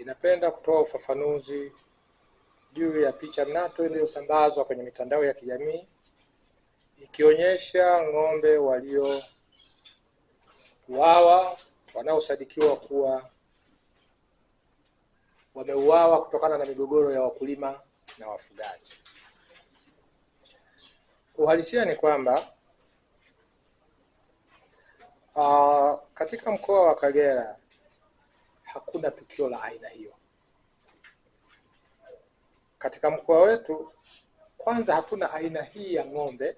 inapenda kutoa ufafanuzi juu ya picha mnato iliyosambazwa kwenye mitandao ya kijamii ikionyesha ng'ombe waliouawa wanaosadikiwa kuwa wameuawa kutokana na migogoro ya wakulima na wafugaji. Uhalisia ni kwamba uh, katika mkoa wa Kagera hakuna tukio la aina hiyo katika mkoa wetu. Kwanza, hatuna aina hii ya ng'ombe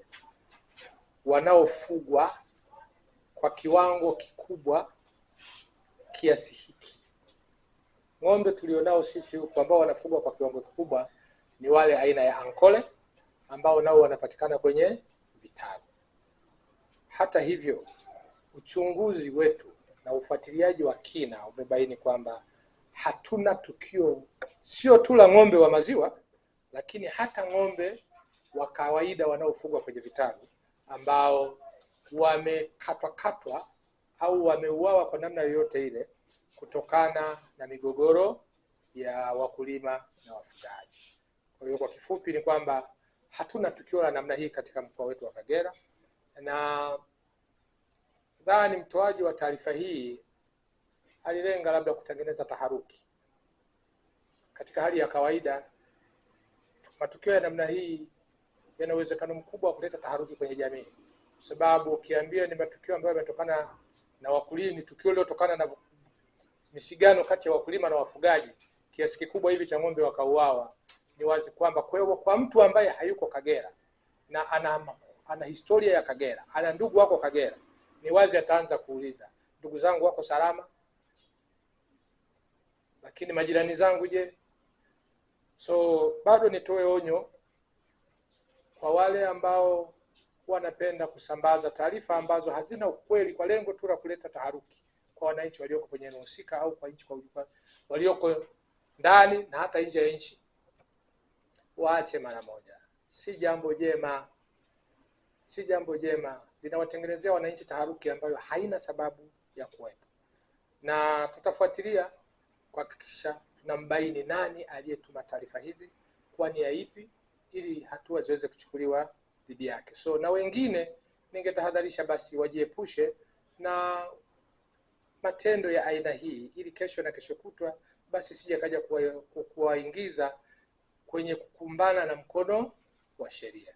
wanaofugwa kwa kiwango kikubwa kiasi hiki. Ng'ombe tulionao sisi huku ambao wanafugwa kwa kiwango kikubwa ni wale aina ya Ankole ambao nao wanapatikana kwenye vitalu. Hata hivyo, uchunguzi wetu na ufuatiliaji wa kina umebaini kwamba hatuna tukio sio tu la ng'ombe wa maziwa, lakini hata ng'ombe wa kawaida wanaofugwa kwenye vitalu ambao wamekatwakatwa au wameuawa kwa namna yoyote ile kutokana na migogoro ya wakulima na wafugaji. Kwa hiyo kwa kifupi ni kwamba hatuna tukio la namna hii katika mkoa wetu wa Kagera na Nadhani mtoaji wa taarifa hii alilenga labda kutengeneza taharuki. Katika hali ya kawaida, matukio ya namna hii yana uwezekano mkubwa wa kuleta taharuki kwenye jamii, kwa sababu ukiambia ni matukio ambayo yametokana na wakulima, ni tukio lilotokana na misigano kati ya wakulima na wafugaji, kiasi kikubwa hivi cha ng'ombe wakauawa, ni wazi kwamba kwa, kwa mtu ambaye hayuko Kagera na ana, ana historia ya Kagera, ana ndugu wako Kagera ni wazi ataanza kuuliza, ndugu zangu wako salama? Lakini majirani zangu je? So bado nitoe onyo kwa wale ambao wanapenda kusambaza taarifa ambazo hazina ukweli kwa lengo tu la kuleta taharuki kwa wananchi walioko kwenye eneo husika au kwa nchi kwa ujumla, walioko ndani na hata nje ya nchi, waache mara moja, si jambo jema si jambo jema, linawatengenezea wananchi taharuki ambayo haina sababu ya kuwepo, na tutafuatilia kuhakikisha tunambaini nani aliyetuma taarifa hizi, kwa nia ipi, ili hatua ziweze kuchukuliwa dhidi yake. So na wengine, ningetahadharisha basi wajiepushe na matendo ya aina hii, ili kesho na kesho kutwa basi sije kaja kuwaingiza kwenye kukumbana na mkono wa sheria.